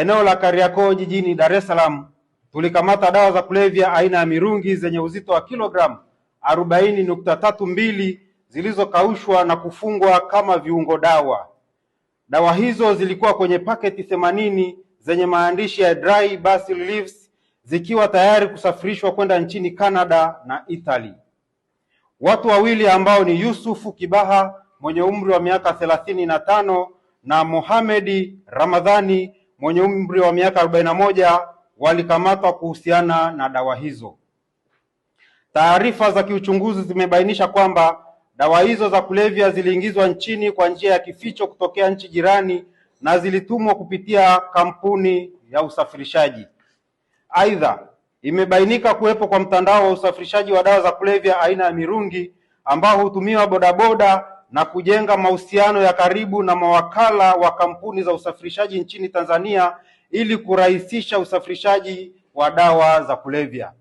eneo la Kariakoo jijini Dar es Salaam tulikamata dawa za kulevya aina ya mirungi zenye uzito wa kilogramu arobaini nukta tatu mbili zilizokaushwa na kufungwa kama viungo dawa. Dawa hizo zilikuwa kwenye paketi themanini zenye maandishi ya dry basil leaves zikiwa tayari kusafirishwa kwenda nchini Canada na Italy. Watu wawili ambao ni Yusufu Kibaha mwenye umri wa miaka thelathini na tano na Mohamedi Ramadhani mwenye umri wa miaka 41 walikamatwa kuhusiana na dawa hizo. Taarifa za kiuchunguzi zimebainisha kwamba dawa hizo za kulevya ziliingizwa nchini kwa njia ya kificho kutokea nchi jirani na zilitumwa kupitia kampuni ya usafirishaji. Aidha, imebainika kuwepo kwa mtandao wa usafirishaji wa dawa za kulevya aina ya mirungi ambao hutumiwa bodaboda na kujenga mahusiano ya karibu na mawakala wa kampuni za usafirishaji nchini Tanzania ili kurahisisha usafirishaji wa dawa za kulevya.